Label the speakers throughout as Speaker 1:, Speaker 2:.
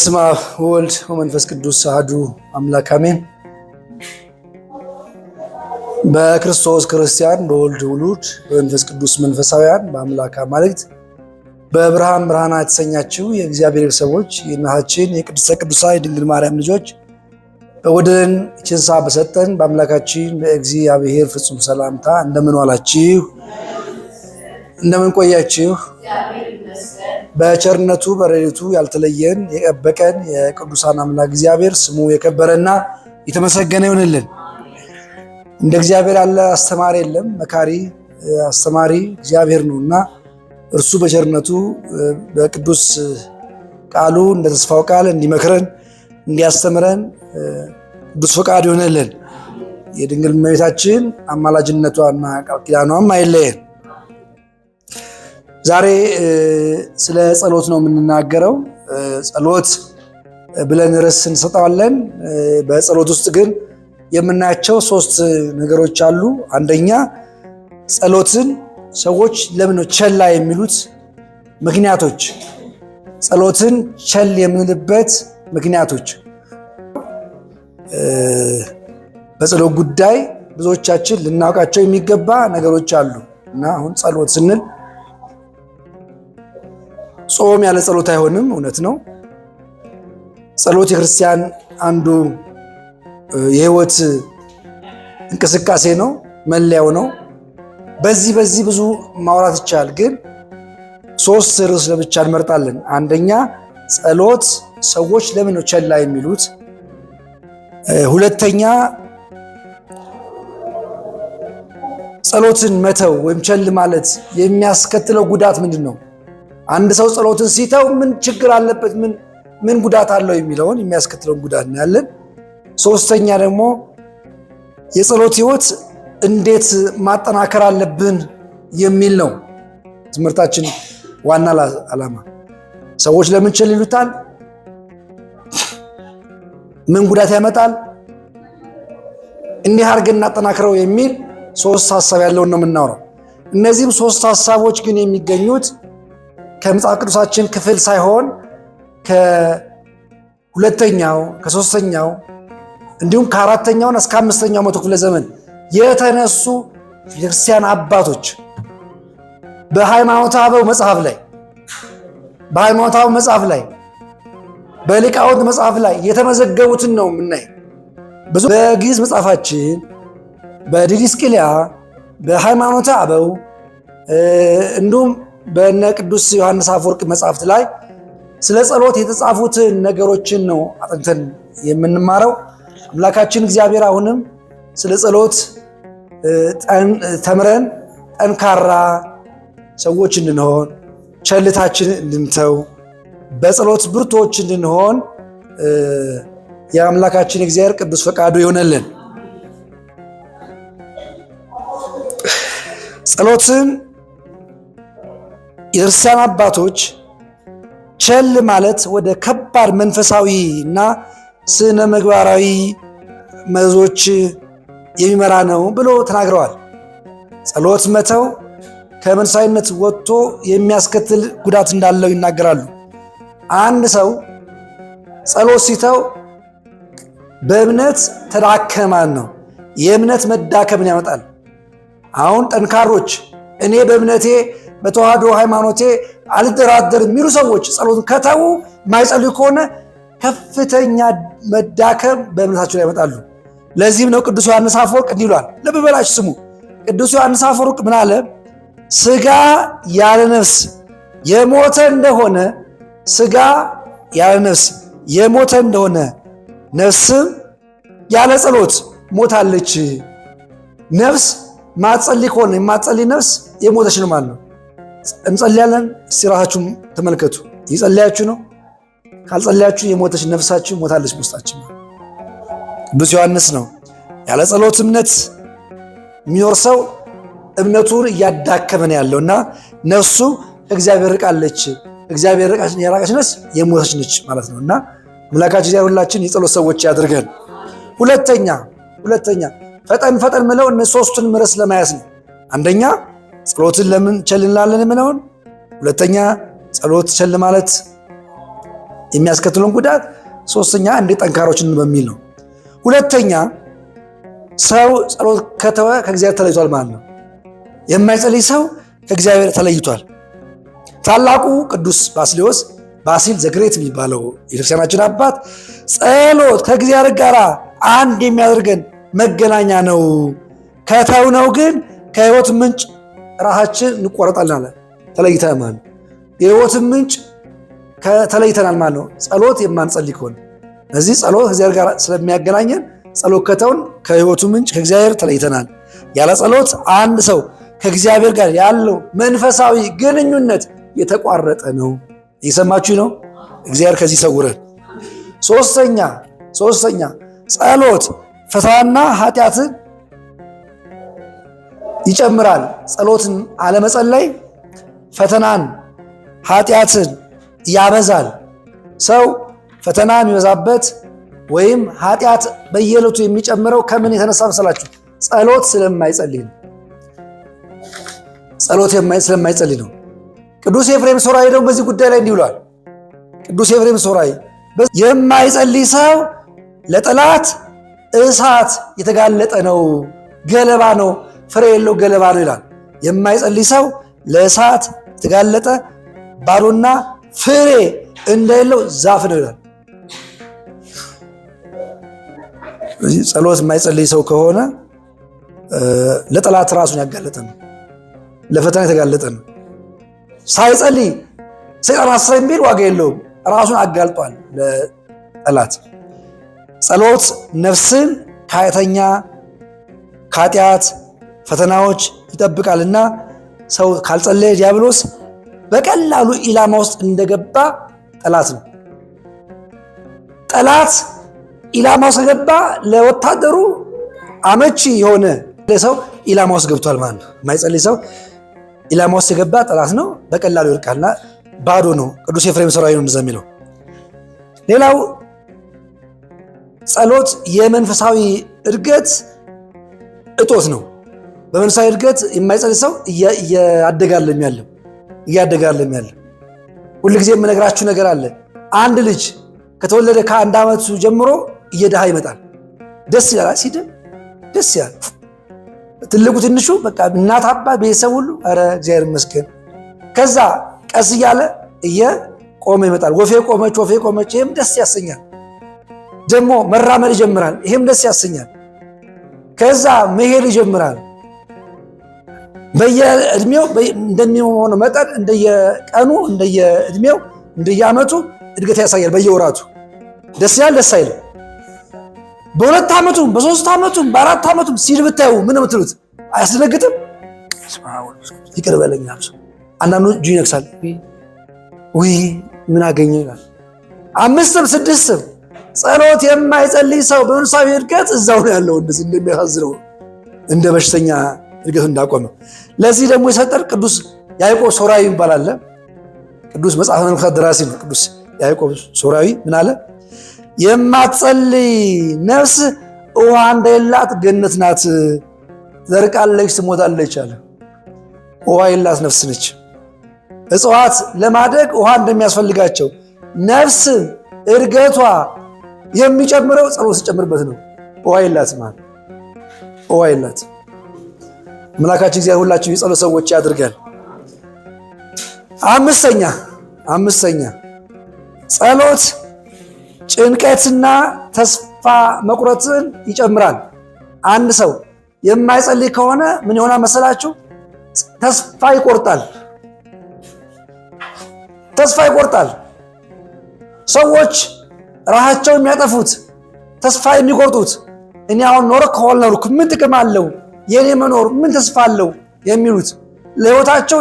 Speaker 1: በስመ አብ ወወልድ ወመንፈስ ቅዱስ አሐዱ አምላክ አሜን። በክርስቶስ ክርስቲያን፣ በወልድ ውሉድ፣ በመንፈስ ቅዱስ መንፈሳውያን፣ በአምላክ አማልክት በብርሃን ብርሃና የተሰኛችው የእግዚአብሔር ሰዎች የእናታችን የቅድስተ ቅዱሳን የድንግል ማርያም ልጆች በወደደን ችንሳ በሰጠን በአምላካችን በእግዚአብሔር ፍጹም ሰላምታ እንደምን ዋላችሁ? እንደምን ቆያችሁ? በቸርነቱ በረድኤቱ ያልተለየን የጠበቀን የቅዱሳን አምላክ እግዚአብሔር ስሙ የከበረና የተመሰገነ ይሆንልን። እንደ እግዚአብሔር ያለ አስተማሪ የለም። መካሪ አስተማሪ እግዚአብሔር ነው እና እርሱ በቸርነቱ በቅዱስ ቃሉ እንደ ተስፋው ቃል እንዲመክረን እንዲያስተምረን ቅዱስ ፈቃድ ይሆንልን። የድንግል እመቤታችን አማላጅነቷና ቃል ኪዳኗም አይለየን። ዛሬ ስለ ጸሎት ነው የምንናገረው። ጸሎት ብለን ርዕስ እንሰጠዋለን። በጸሎት ውስጥ ግን የምናያቸው ሶስት ነገሮች አሉ። አንደኛ ጸሎትን ሰዎች ለምን ነው ቸላ የሚሉት ምክንያቶች፣ ጸሎትን ቸል የምንልበት ምክንያቶች። በጸሎት ጉዳይ ብዙዎቻችን ልናውቃቸው የሚገባ ነገሮች አሉ እና አሁን ጸሎት ስንል ጾም ያለ ጸሎት አይሆንም፣ እውነት ነው። ጸሎት የክርስቲያን አንዱ የህይወት እንቅስቃሴ ነው፣ መለያው ነው። በዚህ በዚህ ብዙ ማውራት ይቻል፣ ግን ሶስት ርዕስ ለብቻ እንመርጣለን። አንደኛ ጸሎት ሰዎች ለምን ነው ቸላ የሚሉት? ሁለተኛ ጸሎትን መተው ወይም ቸል ማለት የሚያስከትለው ጉዳት ምንድን ነው? አንድ ሰው ጸሎትን ሲተው ምን ችግር አለበት፣ ምን ምን ጉዳት አለው የሚለውን የሚያስከትለውን ጉዳት ነው ያለን። ሶስተኛ ደግሞ የጸሎት ህይወት እንዴት ማጠናከር አለብን የሚል ነው ትምህርታችን ዋና ዓላማ። ሰዎች ለምን ችል ይሉታል? ምን ጉዳት ያመጣል? እንዲህ አድርገን እናጠናክረው የሚል ሶስት ሀሳብ ያለውን ነው የምናውረው። እነዚህም ሶስት ሀሳቦች ግን የሚገኙት ከመጽሐፍ ቅዱሳችን ክፍል ሳይሆን ከሁለተኛው ከሶስተኛው እንዲሁም ከአራተኛውን እስከ አምስተኛው መቶ ክፍለ ዘመን የተነሱ የክርስቲያን አባቶች በሃይማኖተ አበው መጽሐፍ ላይ በሃይማኖተ አበው መጽሐፍ ላይ በሊቃውንት መጽሐፍ ላይ የተመዘገቡትን ነው የምናይ። ብዙ በግዕዝ መጽሐፋችን በዲድስቅልያ በሃይማኖተ አበው እንዲሁም በእነ ቅዱስ ዮሐንስ አፈወርቅ መጽሐፍት ላይ ስለ ጸሎት የተጻፉትን ነገሮችን ነው አጥንተን የምንማረው። አምላካችን እግዚአብሔር አሁንም ስለ ጸሎት ተምረን ጠንካራ ሰዎች እንድንሆን፣ ቸልታችን እንድንተው፣ በጸሎት ብርቶች እንድንሆን የአምላካችን እግዚአብሔር ቅዱስ ፈቃዱ ይሆነልን። ጸሎትን የክርስቲያን አባቶች ቸል ማለት ወደ ከባድ መንፈሳዊ እና ስነ ምግባራዊ መዞች የሚመራ ነው ብሎ ተናግረዋል። ጸሎት መተው ከመንፈሳዊነት ወጥቶ የሚያስከትል ጉዳት እንዳለው ይናገራሉ። አንድ ሰው ጸሎት ሲተው በእምነት ተዳከማን ነው። የእምነት መዳከምን ያመጣል። አሁን ጠንካሮች እኔ በእምነቴ በተዋህዶ ሃይማኖቴ አልደራደር የሚሉ ሰዎች ጸሎትን ከተዉ የማይጸልዩ ከሆነ ከፍተኛ መዳከም በእምነታቸው ላይ ያመጣሉ። ለዚህም ነው ቅዱስ ዮሐንስ አፈወርቅ እንዲህ ይሏል። ልብ በላችሁ ስሙ። ቅዱስ ዮሐንስ አፈወርቅ ምን አለ? ስጋ ያለ ነፍስ የሞተ እንደሆነ ስጋ ያለ ነፍስ የሞተ እንደሆነ ነፍስም ያለ ጸሎት ሞታለች። ነፍስ ማጸልይ ከሆነ የማጸልይ ነፍስ የሞተች ነው ማለት ነው። እንጸልያለን። ሲራሃችሁም ተመልከቱ። እየጸለያችሁ ነው። ካልጸለያችሁ የሞተች ነፍሳችሁ ሞታለች በውስጣችን። ቅዱስ ዮሐንስ ነው ያለ ጸሎት እምነት የሚኖር ሰው እምነቱን እያዳከመን ያለው እና ነፍሱ እግዚአብሔር ርቃለች። እግዚአብሔር የራቀች ነፍስ የሞተች ነች ማለት ነው እና አምላካችን እግዚአብሔር ሁላችን የጸሎት ሰዎች ያድርገን። ሁለተኛ ሁለተኛ ፈጠን ፈጠን ምለው እነ ሶስቱን ምረስ ለማያስ ነው። አንደኛ ጸሎትን ለምን ቸል እንላለን የምለውን ሁለተኛ ጸሎት ቸል ማለት የሚያስከትለውን ጉዳት፣ ሶስተኛ እንዴት ጠንካሮችን በሚል ነው። ሁለተኛ ሰው ጸሎት ከተወ ከእግዚአብሔር ተለይቷል ማለት ነው። የማይጸልይ ሰው ከእግዚአብሔር ተለይቷል። ታላቁ ቅዱስ ባስሌዎስ ባሲል ዘግሬት የሚባለው የክርስቲያናችን አባት ጸሎት ከእግዚአብሔር ጋር አንድ የሚያደርገን መገናኛ ነው ነው ግን ከህይወት ምንጭ ራሳችን እንቆረጣለን አለ። ተለይተህ ማን የህይወትን ምንጭ ተለይተናል ማለት ነው። ጸሎት የማንጸልይ ከሆነ እዚህ ጸሎት ከእግዚአብሔር ጋር ስለሚያገናኘን ጸሎት ከተውን ከህይወቱ ምንጭ ከእግዚአብሔር ተለይተናል። ያለ ጸሎት አንድ ሰው ከእግዚአብሔር ጋር ያለው መንፈሳዊ ግንኙነት የተቋረጠ ነው። እየሰማችሁ ነው። እግዚአብሔር ከዚህ ይሰውረን። ሶስተኛ ሶስተኛ ጸሎት ፍትሐና ኃጢአትን ይጨምራል። ጸሎትን አለመጸለይ ፈተናን፣ ኃጢአትን ያበዛል። ሰው ፈተና የሚበዛበት ወይም ኃጢአት በየዕለቱ የሚጨምረው ከምን የተነሳ መሰላችሁ? ጸሎት ስለማይጸልይ ነው። ጸሎት ስለማይጸልይ ነው። ቅዱስ ኤፍሬም ሶራይ ደግሞ በዚህ ጉዳይ ላይ እንዲህ ብሏል። ቅዱስ ኤፍሬም ሶራይ የማይጸልይ ሰው ለጠላት እሳት የተጋለጠ ነው፣ ገለባ ነው ፍሬ የለው ገለባ ነው ይላል። የማይጸልይ ሰው ለእሳት የተጋለጠ ባዶና ፍሬ እንደሌለው ዛፍ ነው ይላል። ጸሎት የማይጸልይ ሰው ከሆነ ለጠላት ራሱን ያጋለጠ ነው፣ ለፈተና የተጋለጠ ነው። ሳይጸልይ ሰይጣን አስረኝ የሚል ዋጋ የለውም፣ ራሱን አጋልጧል ለጠላት። ጸሎት ነፍስን ከኃጢአተኛ ከኃጢአት ፈተናዎች ይጠብቃልና ሰው ካልጸለየ ዲያብሎስ በቀላሉ ኢላማ ውስጥ እንደገባ ጠላት ነው። ጠላት ኢላማ ውስጥ ገባ፣ ለወታደሩ አመቺ የሆነ ሰው ኢላማ ውስጥ ገብቷል ማለት ነው። የማይጸልይ ሰው ኢላማ ውስጥ የገባ ጠላት ነው፣ በቀላሉ ይወድቃልና ባዶ ነው። ቅዱስ ኤፍሬም ሰራዊ ነው እንደዚያ የሚለው። ሌላው ጸሎት የመንፈሳዊ እድገት እጦት ነው። በመንፈሳዊ እድገት የማይጸልይ ሰው እያደጋለም ያለው እያደጋለም ያለው። ሁልጊዜ የምነግራችሁ ነገር አለ። አንድ ልጅ ከተወለደ ከአንድ ዓመቱ ጀምሮ እየድሃ ይመጣል። ደስ ይላል፣ ሲድም ደስ ይላል። ትልቁ ትንሹ፣ በቃ እናት አባት፣ ቤተሰብ ሁሉ ኧረ እግዚአብሔር ይመስገን። ከዛ ቀስ እያለ እየቆመ ይመጣል። ወፌ ቆመች፣ ወፌ ቆመች። ይህም ደስ ያሰኛል። ደግሞ መራመድ ይጀምራል። ይህም ደስ ያሰኛል። ከዛ መሄድ ይጀምራል። በየእድሜው እንደሚሆነው መጠን እንደየቀኑ እንደየእድሜው እንደየአመቱ እድገት ያሳያል። በየወራቱ ደስ ይላል፣ ደስ አይልም። በሁለት ዓመቱም በሶስት ዓመቱም በአራት ዓመቱም ሲል ብታዩ ምን የምትሉት አያስደነግጥም? ይቅር በለኝ ላብሰ አንዳንዱ እጁ ይነግሳል። ውይ ምን አገኘ ይላል። አምስትም ስድስትም ጸሎት የማይጸልይ ሰው በመንፈሳዊ እድገት እዛው ነው ያለው። እንደዚህ እንደሚያሳዝነው እንደ በሽተኛ እድገቱ እንዳቆመ። ለዚህ ደግሞ የሰጠን ቅዱስ ያዕቆብ ሶራዊ ይባላል። ቅዱስ መጽሐፈ መነኮሳት ደራሲ ነው። ቅዱስ ያዕቆብ ሶራዊ ምን አለ? የማትጸልይ ነፍስ ውሃ እንደሌላት ገነት ናት፣ ዘርቃለች ትሞታለች አለ። ውሃ የላት ነፍስ ነች። እጽዋት ለማደግ ውሃ እንደሚያስፈልጋቸው ነፍስ እድገቷ የሚጨምረው ጸሎት ሲጨምርበት ነው። ውሃ የላት ማለት ውሃ የላት አምላካችን እግዚአብሔር ሁላችሁ የጸሎት ሰዎች ያድርገን። አምስተኛ አምስተኛ ጸሎት ጭንቀትና ተስፋ መቁረጥን ይጨምራል። አንድ ሰው የማይጸልይ ከሆነ ምን ይሆናል መሰላችሁ? ተስፋ ይቆርጣል። ተስፋ ይቆርጣል። ሰዎች ራሳቸው የሚያጠፉት ተስፋ የሚቆርጡት እኔ አሁን ኖረ ከሆነ ኖርኩ ምን ጥቅም አለው የኔ መኖር ምን ተስፋ አለው የሚሉት ለህይወታቸው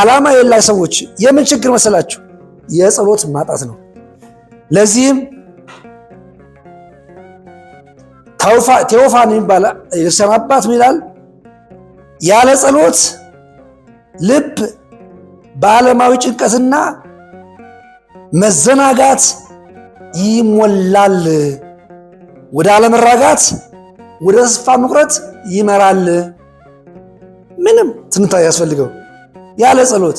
Speaker 1: ዓላማ የላይ ሰዎች የምን ችግር መሰላችሁ? የጸሎት ማጣት ነው። ለዚህም ቴዎፋን የሚባል የክርስቲያን አባት ምን ይላል? ያለ ጸሎት ልብ በዓለማዊ ጭንቀትና መዘናጋት ይሞላል፣ ወደ አለመራጋት ወደ ተስፋ መቁረጥ ይመራል። ምንም ትንታ ያስፈልገው ያለ ጸሎት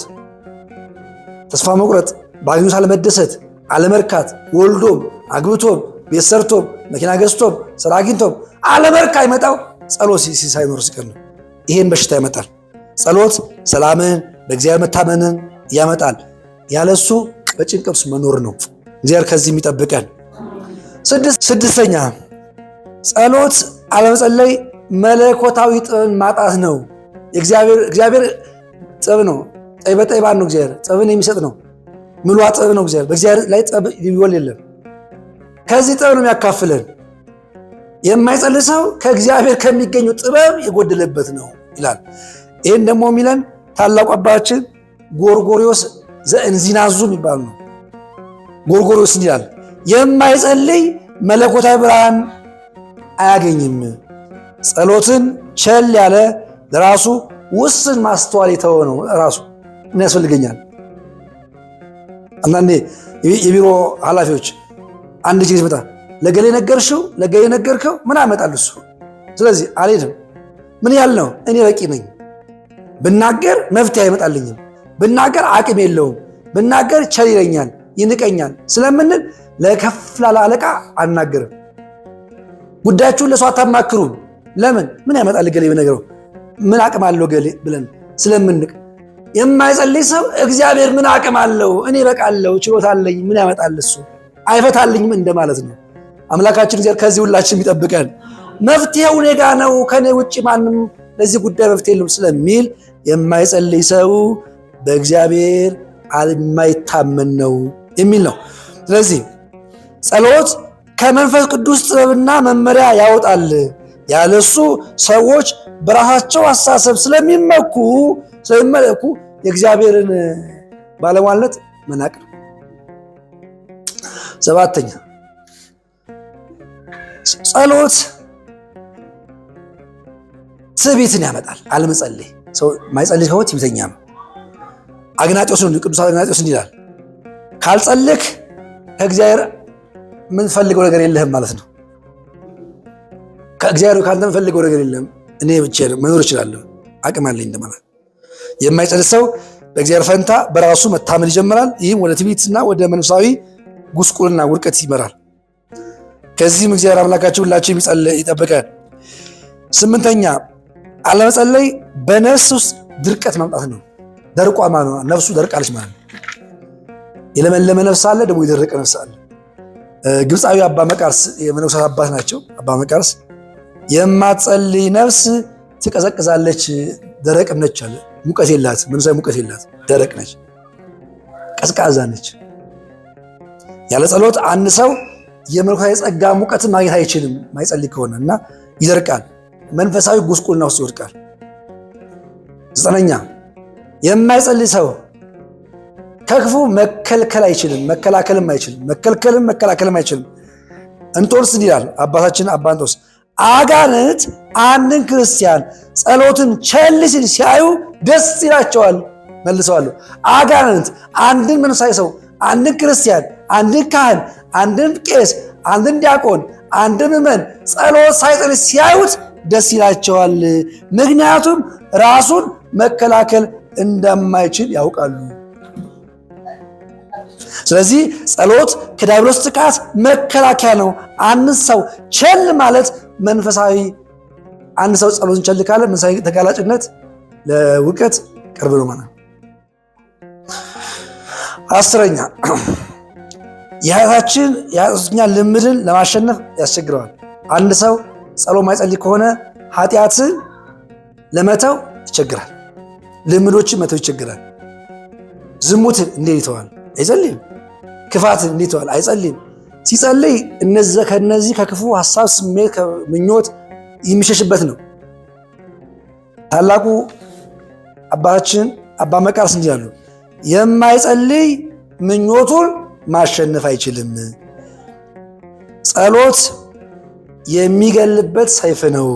Speaker 1: ተስፋ መቁረጥ፣ በአግኙት አለመደሰት፣ አለመርካት፣ ወልዶም አግብቶም ቤት ሰርቶም መኪና ገዝቶም ስራ አግኝቶም አለመርካ ይመጣው ጸሎት ሳይኖር ሲቀር ነው። ይሄን በሽታ ይመጣል ጸሎት ሰላምን በእግዚአብሔር መታመንን ያመጣል። ያለሱ በጭንቀት ውስጥ መኖር ነው። እግዚአብሔር ከዚህ የሚጠብቀን። ስድስተኛ ጸሎት አለመጸለይ መለኮታዊ ጥበብን ማጣት ነው። እግዚአብሔር ጥበብ ነው። ጠይበ ጠይባን ነው። እግዚአብሔር ጥበብን የሚሰጥ ነው። ምሏ ጥበብ ነው። እግዚአብሔር በእግዚአብሔር ላይ ጥበብ ይወል የለም። ከዚህ ጥበብ ነው የሚያካፍለን። የማይጸልይ ሰው ከእግዚአብሔር ከሚገኙ ጥበብ የጎደለበት ነው ይላል። ይህን ደግሞ የሚለን ታላቁ አባታችን ጎርጎሪዎስ ዘእንዚናዙ የሚባል ነው። ጎርጎሪዎስ እንዲላል የማይጸልይ መለኮታዊ ብርሃን አያገኝም። ጸሎትን ቸል ያለ ለራሱ ውስን ማስተዋል የተወ ነው ራሱ ያስፈልገኛል። አንዳንዴ የቢሮ ኃላፊዎች አንድ ጊዜ ይመጣ ለገሌ ነገርሽው ለገሌ ነገርከው ምን አመጣል እሱ። ስለዚህ አልሄድም። ምን ያህል ነው እኔ በቂ ነኝ። ብናገር መፍትሄ አይመጣልኝም፣ ብናገር አቅም የለውም፣ ብናገር ቸል ይለኛል፣ ይንቀኛል ስለምንል ለከፍ ላለ አለቃ አናገርም። ጉዳያችሁን ለሰው አታማክሩም። ለምን ምን ያመጣል ገሌ በነገረው ምን አቅም አለው ገሌ ብለን ስለምንቅ የማይጸልይ ሰው እግዚአብሔር ምን አቅም አለው እኔ በቃለው ችሎታ አለኝ ምን ያመጣል እሱ አይፈታልኝም እንደማለት ነው። አምላካችን እግዚአብሔር ከዚህ ሁላችን ይጠብቀን። መፍትሄው እኔ ጋ ነው፣ ከኔ ውጭ ማንም ለዚህ ጉዳይ መፍትሄ የለም ስለሚል የማይጸልይ ሰው በእግዚአብሔር የማይታመን ነው የሚል ነው። ስለዚህ ጸሎት ከመንፈስ ቅዱስ ጥበብና መመሪያ ያወጣል። ያለሱ ሰዎች በራሳቸው አሳሰብ ስለሚመኩ ስለሚመለኩ የእግዚአብሔርን ባለሟልነት መናቅ ነው። ሰባተኛ ጸሎት ትዕቢትን ያመጣል። አለመጸለይ ማይጸልይ ሰው ትዕቢተኛ ነው። አግናጢዎስ ቅዱስ አግናጢዎስ እንዲላል ካልጸልክ ከእግዚአብሔር የምትፈልገው ነገር የለህም ማለት ነው። ከእግዚአብሔር ከአንተ የምፈልገው ነገር የለም። እኔ ብቻ መኖር እችላለሁ፣ አቅም አለኝ እንደማለት። የማይጸድቅ ሰው በእግዚአብሔር ፈንታ በራሱ መታመን ይጀምራል። ይህም ወደ ትዕቢትና ወደ መንፈሳዊ ጉስቁልና ውድቀት ይመራል። ከዚህም እግዚአብሔር አምላካችን ሁላችን ይጠብቀን። ስምንተኛ አለመጸለይ በነፍስ ውስጥ ድርቀት ማምጣት ነው። ደርቋ ማለት ነው። ነፍሱ ደርቃለች ማለት ነው። የለመለመ ነፍስ አለ፣ ደግሞ የደረቀ ነፍስ አለ። ግብፃዊ አባ መቃርስ የመነኮሳት አባት ናቸው። አባ መቃርስ የማትጸልይ ነፍስ ትቀዘቅዛለች፣ ደረቅ ነች አለ። ሙቀት የላት፣ መንፈሳዊ ሙቀት የላት፣ ደረቅ ነች፣ ቀዝቃዛ ነች። ያለ ጸሎት አንድ ሰው የመንፈሳዊ ጸጋ ሙቀት ማግኘት አይችልም፣ ማይጸልይ ከሆነ እና ይደርቃል፣ መንፈሳዊ ጉስቁልና ውስጥ ይወድቃል። ዘጠነኛ የማይጸልይ ሰው ከክፉ መከልከል አይችልም፣ መከላከልም አይችልም፣ መከልከልም መከላከልም አይችልም። እንጦርስ ይላል አባታችን አባ እንጦንስ አጋንንት አንድን ክርስቲያን ጸሎትን ቸል ሲል ሲያዩ ደስ ይላቸዋል። መልሰዋሉ አጋንንት አንድን መንሳይ ሰው፣ አንድን ክርስቲያን፣ አንድን ካህን፣ አንድን ቄስ፣ አንድን ዲያቆን፣ አንድን ምዕመን ጸሎት ሳይጸል ሲያዩት ደስ ይላቸዋል። ምክንያቱም ራሱን መከላከል እንደማይችል ያውቃሉ። ስለዚህ ጸሎት ከዲያብሎስ ጥቃት መከላከያ ነው። አንድ ሰው ቸል ማለት መንፈሳዊ አንድ ሰው ጸሎትን ቸል ካለ መንፈሳዊ ተጋላጭነት ለውቀት ቅርብ ነው ማለት አስረኛ የኃጢአታችን የኃጢአተኛ ልምድን ለማሸነፍ ያስቸግረዋል። አንድ ሰው ጸሎ ማይጸልይ ከሆነ ኃጢአትን ለመተው ይቸግራል። ልምዶችን መተው ይቸግራል። ዝሙትን እንዴት ይተዋል? አይጸልይም። ክፋት እንዲተዋል አይጸልይም። ሲጸልይ ከነዚህ ከክፉ ሀሳብ፣ ስሜት፣ ምኞት የሚሸሽበት ነው። ታላቁ አባታችን አባ መቃርስ እንዲህ አሉ፣ የማይጸልይ ምኞቱን ማሸነፍ አይችልም። ጸሎት የሚገልበት ሰይፍ ነው።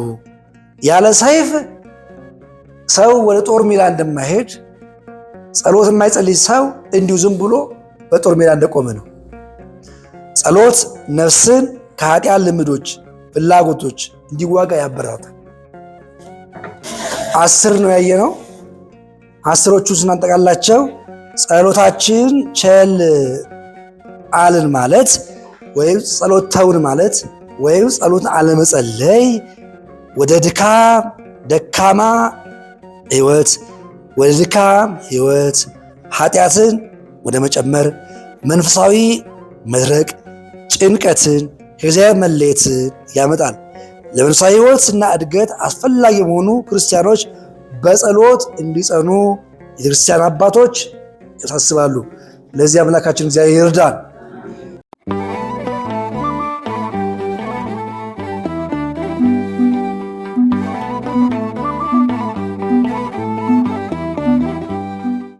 Speaker 1: ያለ ሰይፍ ሰው ወደ ጦር ሜዳ እንደማይሄድ ጸሎት የማይጸልይ ሰው እንዲሁ ዝም ብሎ በጦር ሜዳ እንደቆመ ነው። ጸሎት ነፍስን ከኃጢአት ልምዶች፣ ፍላጎቶች እንዲዋጋ ያበረታታል። አስር ነው ያየ ነው። አስሮቹ ስናጠቃላቸው ጸሎታችን ቸል አልን ማለት ወይም ጸሎት ተውን ማለት ወይም ጸሎት አለመጸለይ ወደ ድካም ደካማ ህይወት ወደ ድካም ህይወት ኃጢአትን ወደ መጨመር መንፈሳዊ መድረቅ ጭንቀትን ከእግዚአብሔር መለየትን ያመጣል። ለመንፈሳዊ ሕይወትና እድገት አስፈላጊ የመሆኑ ክርስቲያኖች በጸሎት እንዲጸኑ የቤተክርስቲያን አባቶች ያሳስባሉ። ለዚህ አምላካችን እግዚአብሔር ይርዳን።